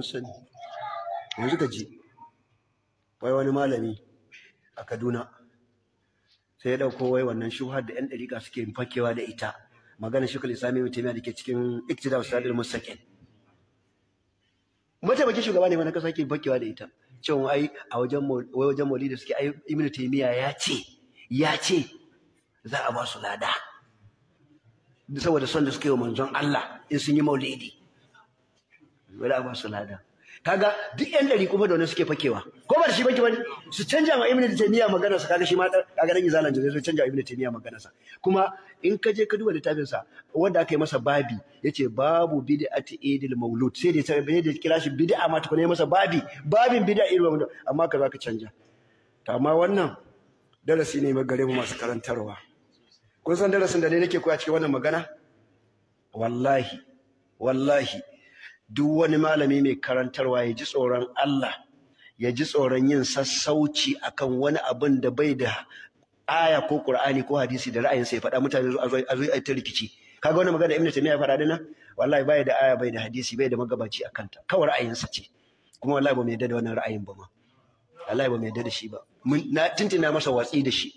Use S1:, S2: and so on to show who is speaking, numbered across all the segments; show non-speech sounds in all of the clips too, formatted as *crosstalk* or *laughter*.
S1: sun sani yanzu ka ji wai wani malami a kaduna sai ya dauko wai wannan shuhar da 'yan ɗariƙa suke fakewa da ita magana kula sami mutum da ke cikin iktida wasu sadar musakin mataimakin shugaba ne wani kasa ke fakewa da ita cewa ai a wajen wajen da suke ai ibnu ya ce ya ce za a ba su lada saboda son da suke wa manzon Allah in sun yi maulidi wala ba su lada kaga duk yan dari kuma da wani suke fakewa ko ba shi baki bane su canja ma ibnu taymiya magana sa kaga shi ma kaga dan izalan zai canja ibnu taymiya magana sa kuma in ka je ka duba littafin sa wanda aka yi masa babi yace babu bid'ati idil maulud sai dai sai dai kira shi bid'a ma tukuna masa babi babin bid'a idil maulud amma ka ka canja to amma wannan darasi ne ba gare mu masu karantarwa kun san darasin da ne nake koya cikin wannan magana wallahi wallahi duk wani malami mai karantarwa ya ji tsoron Allah ya ji tsoron yin sassauci akan wani abin da bai da aya ko Qur'ani ko hadisi da ra'ayinsa ya faɗa mutane a zo ta rikici kaga wannan magana Ibn Taymiyyah ya faɗa dinnan wallahi bai da aya bai da hadisi bai da magabaci akan ta kawai ra'ayinsa ce kuma wallahi ba mu yadda da wannan ra'ayin ba ma wallahi ba mu yadda da shi ba na tintina masa watsi da shi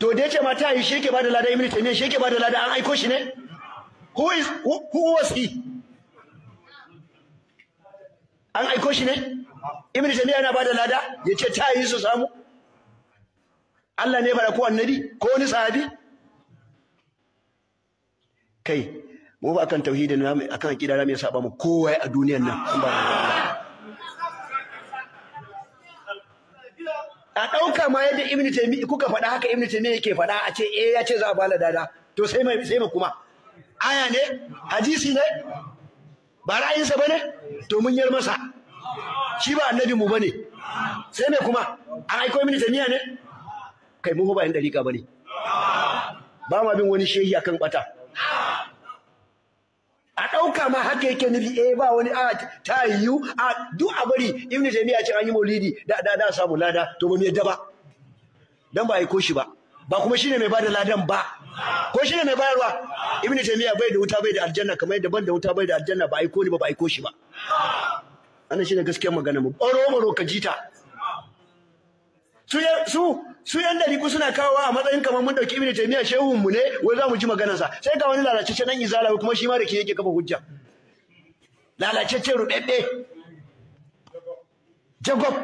S1: to da yace ma ta yi shi yake ba da lada Ibn ne? shi yake ba da lada an aiko shi ne who is who, who was he an aiko shi ne ibnu Jami'a yana bada lada Ya ce ta yi su samu Allah ne bada ko annabi ko wani sahabi kai mu ba kan na namu akan aqida namu ya saba mu kowa a duniyar nan a ɗauka ma yadda ibnu Jami'a kuka faɗa haka ibnu Jami'a yake faɗa a ce eh ya ce za a bala dada to sai mai sai mu kuma aya ne hadisi ne ba ra'ayinsa ba ne to yar masa shi ba annabi mu bane sai mai kuma an aiko mini taniya ne kai mu ba yin dariƙa bane ba ma bin wani shehi akan bata a ɗauka ma haka yake nufi eh ba wani a ta yiwu a duk a bari ibn taymiya ce an yi maulidi da da da samu lada to ba mu yadda ba dan ba aiko shi ba ba kuma shine mai bada ladan ba ko shine mai bayarwa ibnu taymiya bai da wuta bai da aljanna kamar yadda ban da wuta bai da aljanna ba aiko ni ba ba aiko shi ba annan shine gaskiyar magana mu baro baro ka jita su su su yan daliku suna kawo a matsayin kamar mun dauki ibnu taymiya shehun mu ne wai za mu ji maganar sa sai ga wani lalace nan izala kuma shi ma da ke yake kafa hujja lalace rudedde jagob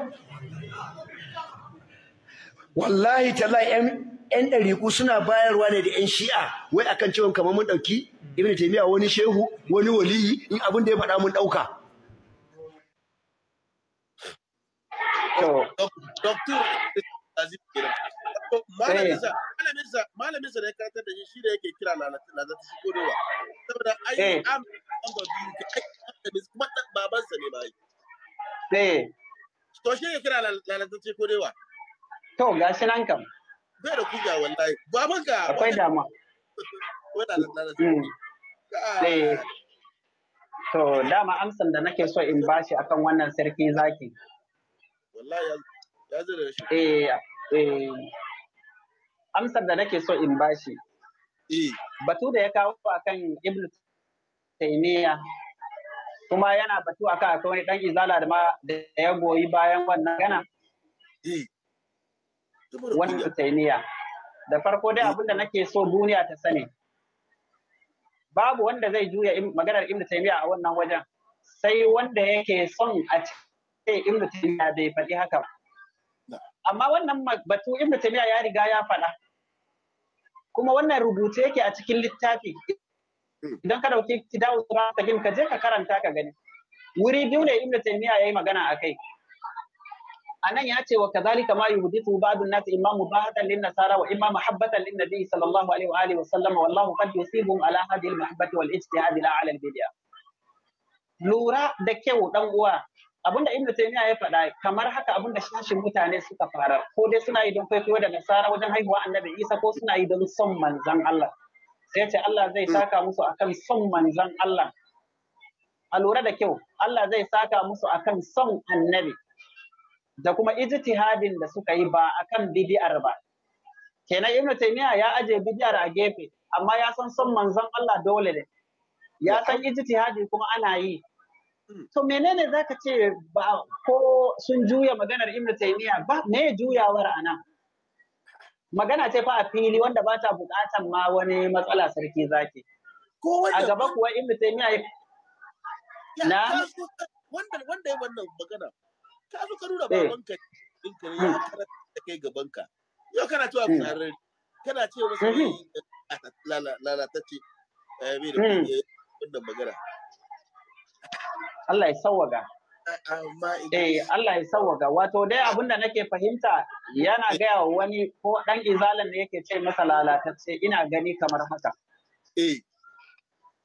S1: wallahi tallahi 'yan ɗariku suna bayarwa ne da 'yan shi'a wai akan cewa kamar mun ɗauki ibn taimiyya wani shehu wani waliyi in abin da ya faɗa mun ɗauka.
S2: malamin sa eh. da ya karantar da shi shi da yake kira lalata shi korewa saboda ai eh. an ba biyu ka ai kuma baban sa ne ba. eh to shi ya kira lalata shi korewa
S3: to gashi nan kam bai da kuga wallahi akwai dama mm. eh. to dama amsan da nake so in bashi akan wannan sarki zaki
S2: wallahi ya zira shi
S3: eh eh amsar da nake so in bashi eh. batu da ya kawo akan ibn taymiya kuma yana batu akan akwai wani dan izala da ma da ya goyi bayan wannan gana eh. wani taimiya da farko dai abinda nake so duniya ta sani babu wanda zai juya maganar ibnu taymiya a wannan wajen sai wanda yake son a ce ibnu taymiya bai faɗi haka amma wannan batu ibnu taymiya ya riga ya faɗa kuma wannan rubutu yake a cikin littafi hmm. idan ka dauki tidawu ta ka je ka karanta ka gani wuri biyu ne ibnu ya yayi magana akai anan ya ce wa kazalika ma yuhdithu ba'd an-nas imma mubahatan lin-nasara wa imma mahabbatan lin-nabi sallallahu alaihi wa alihi wa sallam wallahu qad yusibuhum ala hadhihi al-mahabbati wal-ijtihad la ala al-bid'ah lura da kyau dan uwa abinda ibnu taymiya ya faɗa kamar haka abinda shashin mutane suka farar ko dai suna yi don kwaikwayo da nasara wajen haihuwa annabi isa ko suna yi don son manzan Allah sai ce Allah zai hmm. saka musu akan son manzan Allah a lura da kyau Allah zai saka musu akan son annabi da kuma ijtihadin da suka yi ba akan bid'ar ba kenan ibnu taymiya ya aje bid'ar a gefe amma ya san son manzon Allah dole ne ya san ijtihadi kuma ana yi to menene zaka ce ba ko sun juya maganar ibnu taymiya ba me juyawar anan magana ce fa a fili wanda ba ta bukatan ma wani matsala sarki zaki a gaba kuwa ibnu taymiya
S2: na wanda wanda wannan magana ka zo ka nuna eh. babanka ɗinka ne ya hmm. karanta da kai gabanka yau kana cewa hmm. fitsararri kana cewa hmm. wasu lalatacce mai eh, da eh,
S3: wannan magana Allah ya sawaga Eh Allah ya sawaga wato dai abinda nake fahimta yana gaya wa wani ko dan izalan ne yake ce masa lalatacce ina gani kamar haka. Eh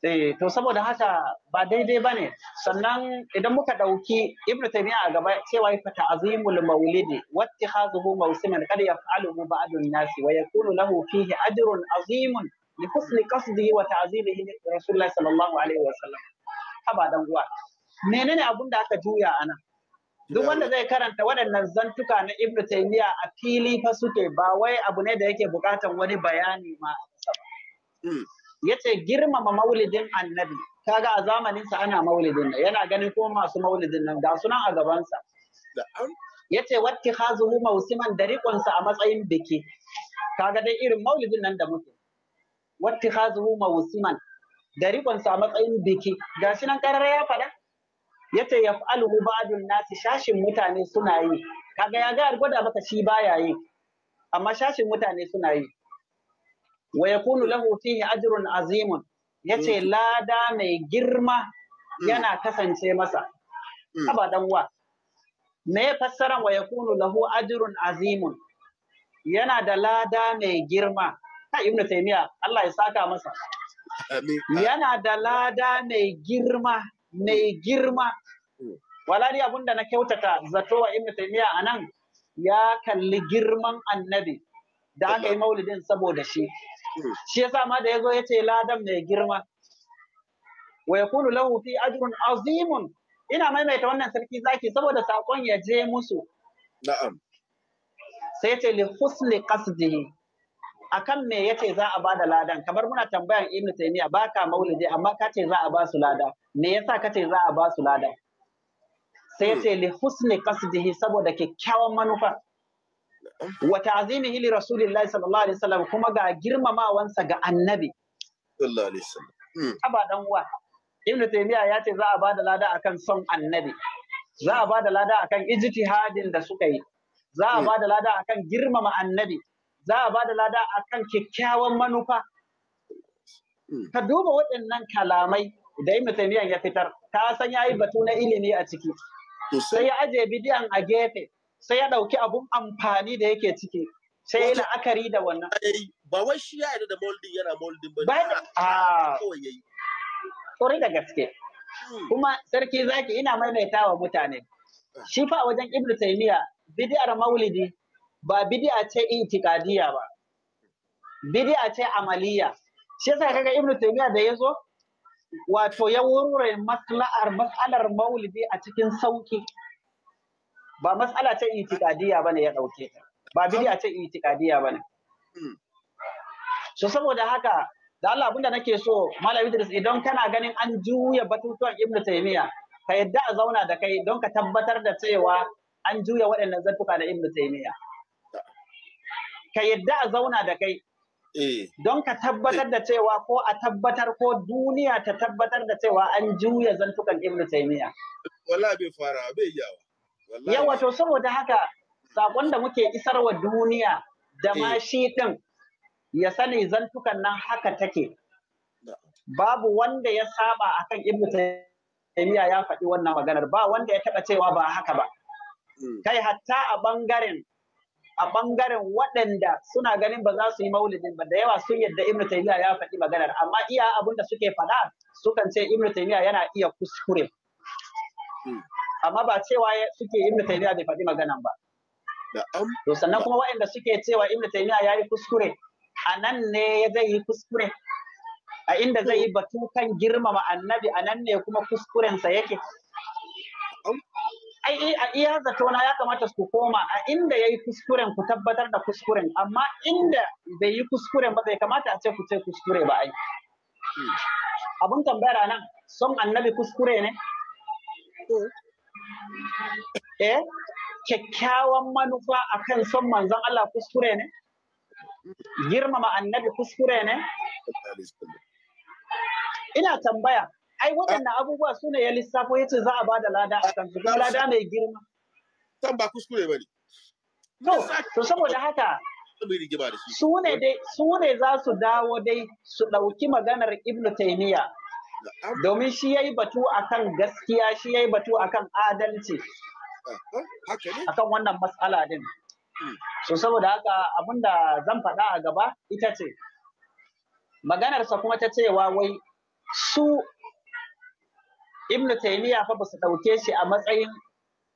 S3: Eh, to saboda haka ba daidai ba ne sannan idan muka ɗauki ibnu taymiya a gaba cewa fa azimul maulidi wattihazuhu mawsiman qad yaf'aluhu ba'du nasi wa yakunu lahu fihi ajrun azimun li husni qasdihi wa ta'zimihi rasulullah sallallahu alaihi wa sallam haba dan uwa menene abun da aka juya anan duk wanda zai karanta waɗannan zantuka na ibnu taymiya a fili fa suke ba wai abu ne da yake buƙatan wani bayani ma a ba hmm. yace girmama maulidin annabi kaga a zamanin sa ana maulidin nan yana ganin ko masu maulidin nan ga sunan a gaban sa yace watti hazuhu mausiman da sa a matsayin biki kaga dai irin maulidin nan da muke watti hazuhu mausiman da sa a matsayin biki ga nan karara ya fada yace yaf'aluhu ba'dun nati, shashin mutane suna yi kaga ya ga gwada maka shi baya yi amma shashin mutane suna yi wa yakunu lahu fihi ajrun azimun yace mm. lada mai girma mm. yana kasance masa saba mm. dan wa me fassaran wa yakunu lahu ajrun azimun yana da lada mai girma ta ibnu taymiya Allah ya saka masa yana da lada mai girma mai girma wala abunda na kyautata zato wa ibnu taymiya anan ya kalli girman annabi da aka yi maulidin saboda shi shi yasa ma da yazo yace ladan mai girma wa yakulu lahu fi ajrun azimun ina maimaita wannan sarki zaki saboda sakon ya je musu na'am sai yace li husli qasdihi akan me yace za a bada ladan kamar muna tambayan ibn taymiya baka maulidi amma ka ce za a ba su lada me yasa ce za a ba su lada sai yace hmm. li husni qasdihi saboda kyakkyawan manufa wa ta'zimihi li rasulillahi sallallahu alaihi wasallam kuma ga girmamawansa ga annabi sallallahu alaihi wasallam hmm. aba dan ibnu taymiya ya ce za a bada lada akan son annabi za a bada lada akan ijtihadin da suka yi za a hmm. bada lada akan girmama annabi za a bada lada akan kyakkyawan manufa hmm. ka duba waɗannan kalamai da ibnu taymiya ya fitar ka san yayi batu na ilimi a ciki sai ya aje bidiyan a gefe sai ya ɗauki abun amfani da yake ciki sai ya la'akari da wannan ba wai shi ya da molding yana molding ba a ah. kawai da gaske hmm. kuma sarki zaki ina maimaita wa mutane eh. shi fa wajen ibnu taymiya bid'ar maulidi ba bid'a ce itikadiyya ba bid'a ce amaliya shi yasa kaga ibnu taymiya da yazo wato ya wurure matsalar mas'alar maulidi a cikin sauki ba matsala ta itikadiya bane ya dauke ta ba bid'a ta itikadiya bane hmm. so saboda haka da Allah abinda nake so Malam Idris idan kana ganin an juya batutuwan Ibn Taymiyyah ka yadda a zauna da kai don ka tabbatar da cewa an juya waɗannan zartuka da Ibn Taymiyyah ka yadda a zauna da kai eh. don ka tabbatar da cewa ko a tabbatar ko duniya ta tabbatar da cewa an juya zantukan Ibn Taymiyyah
S2: wallahi bai fara bai yawa
S3: Yawa to saboda haka sakon da muke isar wa duniya da ma eh. shi ɗin ya sani zantukan nan haka take. Babu wanda ya saba akan Ibn Taymiyyah ya faɗi wannan maganar ba wanda ya taɓa cewa ba haka ba. Hmm. Kai hatta a ɓangaren a ɓangaren waɗanda suna ganin ba za su yi maulidin ba da yawa sun yadda Ibn Taymiyyah ya faɗi maganar amma iya abin da suke faɗa sukan ce Ibn Taymiyyah yana iya kuskure. Hmm. amma ba cewa suke ibn taymiya bai faɗi maganan ba to sannan kuma waɗanda suke cewa ibn taymiya ya yi kuskure a nan ne zai yi kuskure a inda zai yi batu kan girmama annabi a nan ne kuma kuskurensa yake ai a iya zatona ya kamata su koma a inda ya yi kuskuren ku tabbatar da kuskuren amma inda bai yi kuskuren ba bai kamata a ce ku ce kuskure ba ai hmm. abun tambayar nan son annabi kuskure ne eh. eh kyakkyawan manufa akan son manzon Allah kuskure ne girmama annabi kuskure ne ina tambaya ai waɗannan abubuwa su ne ya lissafo ya ce za a bada lada a kan kuma lada mai girma kan ba kuskure ba ne to saboda haka su ne za su dawo dai su ɗauki maganar ibnu taimiyya. domin shi yayi batu akan gaskiya shi yayi batu akan adalci akan wannan matsala din so saboda haka abinda zan faɗa a gaba ita ce maganarsa kuma ta cewa wai su ibnu taymiya fa ba su ɗauke shi a matsayin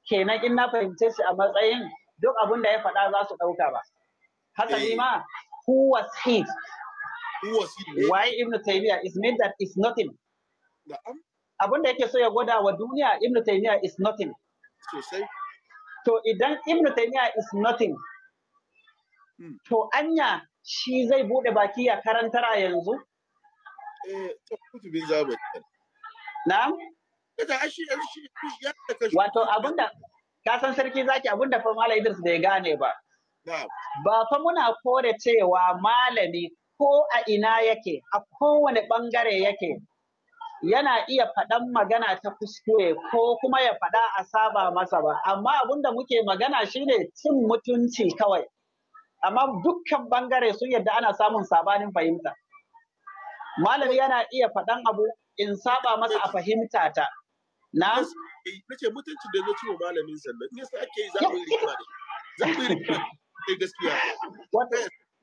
S3: kenan in na fahimce shi a matsayin duk abin da ya faɗa za su ɗauka ba ni ma eh. who was he why ibnu taymiya is mean that is nothing abin da yake so ya gwada wa duniya ibnu taymiya is nothing sosai to idan ibnu taymiya is nothing hmm. to anya shi zai bude baki ya karantara yanzu eh bin zabur na'am wato abinda ka san sarki zaki abinda fa malam Idris bai gane ba ba fa muna kore cewa malami ko a ina yake a kowane bangare yake yana iya faɗan magana ta kuskure ko kuma ya faɗa a saba masa ba amma abin da muke magana shine cin mutunci kawai amma dukkan bangare sun yadda ana samun sabanin fahimta malami yana iya faɗan abu in saba masa a fahimta ta
S2: na nace mutunci da zai wa malamin sannan in yasa ake yi za rikima
S3: da eh, gaskiya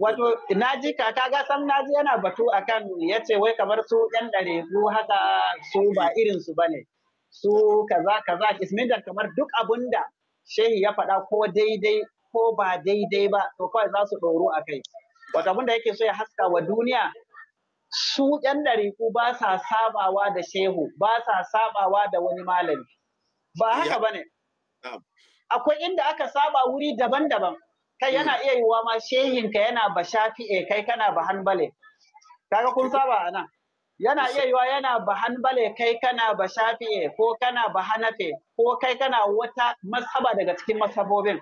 S3: wato na ji kaka ga sam na ji yana batu akan ya ce wai kamar su yan ɗarebu haka su ba irin su bane su kaza kaza ismindan kamar duk abun da shehi ya faɗa ko daidai ko ba daidai ba to kawai za su ɗoro a kai wato abun da yake so ya haska wa duniya su yan ɗariku ba sa sabawa da shehu ba sa sabawa da wani malami ba haka bane akwai inda aka saba wuri daban-daban kai mm. yana iya yiwuwa ma shehin ka yana ba e kai kana ba hanbale kaga kun saba a nan yana iya yiwuwa yana ba hanbale kai kana ba e ko kana ba hanafe ko kai kana wata masaba daga cikin masabobin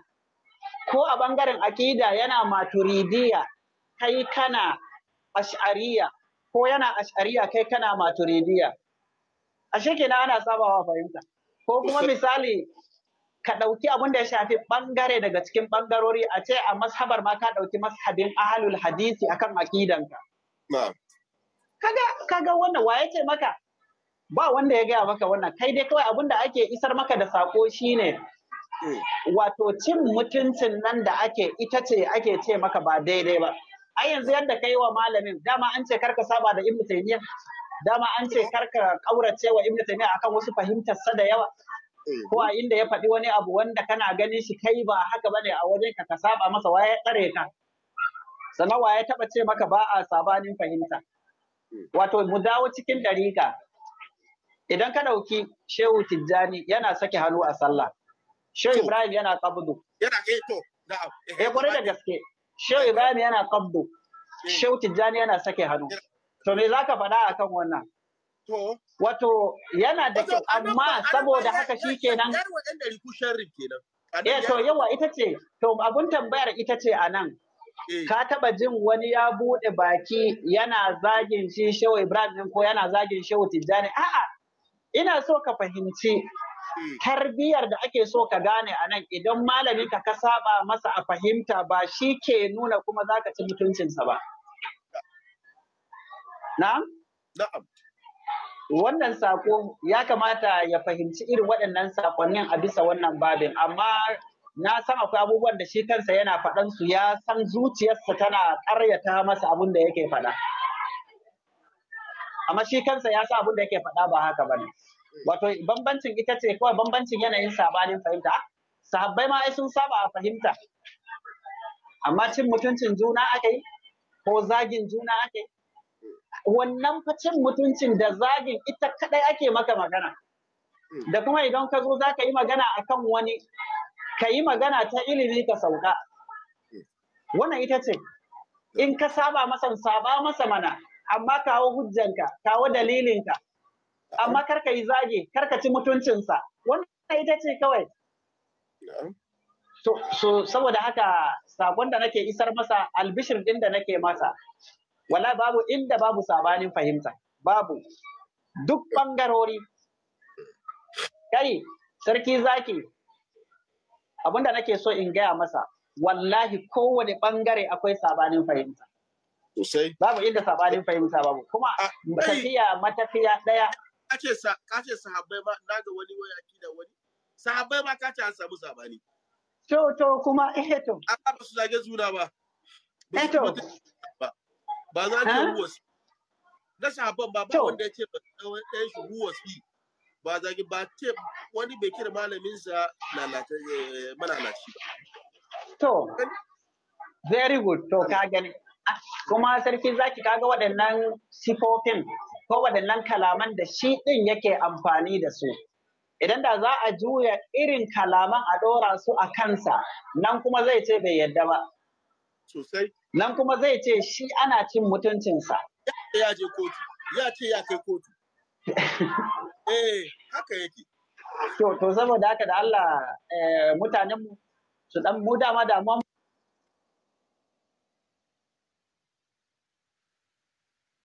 S3: ko a bangaren akida yana maturidiya kai kana ash'ariya ko yana ash'ariya kai kana maturidiya ashe kenan ana sabawa fahimta ko kuma misali ka ɗauki abin da ya shafi ɓangare daga cikin ɓangarori a ce a mashabar ma ka ɗauki mashabin ahalul hadisi akan akidanka. Kaga kaga wannan ya ce maka ba wanda ya gaya maka wannan kai dai kawai abin da ake isar maka da saƙo shi ne. Mm. wato cin mutuncin nan da ake ita ce ake ce maka ba daidai ba. a yanzu yadda ka yi wa malamin dama an ce karka saba da Ibn Taymiyyah, dama an ce karka ƙaurace wa Ibn Taymiyyah akan wasu fahimtar sa da yawa ko a inda ya faɗi wani abu wanda kana ganin shi kai ba haka bane a wajen ka ka saba masa waye tsare ka sannan waye taba ce maka ba a sabanin fahimta wato mu dawo cikin dariƙa idan ka ɗauki shehu tijjani yana sake hannu a sallah shehu ibrahim yana kabdu yana eto eh, eh, eh da gaske shehu eh, ibrahim yana kabdu shehu tijjani yana sake hannu to me zaka faɗa akan wannan Wato yana da kyau amma saboda haka shi kenan. Eh, to yawa ita ce, to abun tambayar ita ce a nan. Eh. Ka taba jin wani ya bude baki yana zagin shi Shehu Ibrahim ko yana zagin Shehu Tijjani. A'a, ina so ka fahimci eh. tarbiyar da ake so ka gane a nan idan malamin ka ka saba masa a fahimta ba shi ke nuna kuma za ka ci mutuncinsa ba. na? Na'am. wannan sako ya kamata ya fahimci irin waɗannan sakonnin a bisa wannan babin amma na san akwai abubuwan da shi kansa yana faɗan su ya san zuciyarsa tana ƙaryata masa abin da yake faɗa amma shi kansa ya sa abin da yake faɗa ba haka bane wato bambancin ita ce kawai bambancin yanayin sabanin fahimta sahabbai ma sun saba a fahimta amma cin mutuncin juna akai ko zagin juna akai wannan facin mutuncin da zagin ita kadai ake maka magana da kuma idan ka zo za ka yi magana a kan wani ka yi magana ta ilimi ka sauka wannan ita ce in ka saba masa saba masa mana amma kawo hujjanka kawo dalilinka amma karka yi zage karka ci mutuncinsa wannan ita ce kawai so saboda haka sabon da nake isar masa albishir din da nake masa wala babu inda babu sabanin fahimta babu duk bangarori kai sarki zaki abinda nake so in gaya masa wallahi kowane bangare akwai sabanin fahimta sosai babu inda sabanin fahimta babu kuma tafiya matafiya daya
S2: kace sa kace sahabbai ma naga wani waya da wani sahabbai ba kace an samu sabani
S3: to to kuma eh to amma
S2: ba su zage zuna ba eh to ba za ka ruwa su na sahabban ba ba wanda ya ce ɗan shi ruwa su ba zagi ba ce wani bai kira malaminsa lalata eh, malalaci ba
S3: to very good to ka gani kuma sarki zaki kaga waɗannan sifofin ko waɗannan kalaman da shi ɗin yake amfani da su idan da za a juya irin kalaman a ɗora su a kansa nan kuma zai ce bai yadda ba sosai nan kuma zai ce shi ana cin mutuncinsa. Ya je kotu, ya ce ya kai kotu. *laughs* Eh, haka yake. To, to saboda haka da Allah eh, mutanenmu su dan mu dama damuwa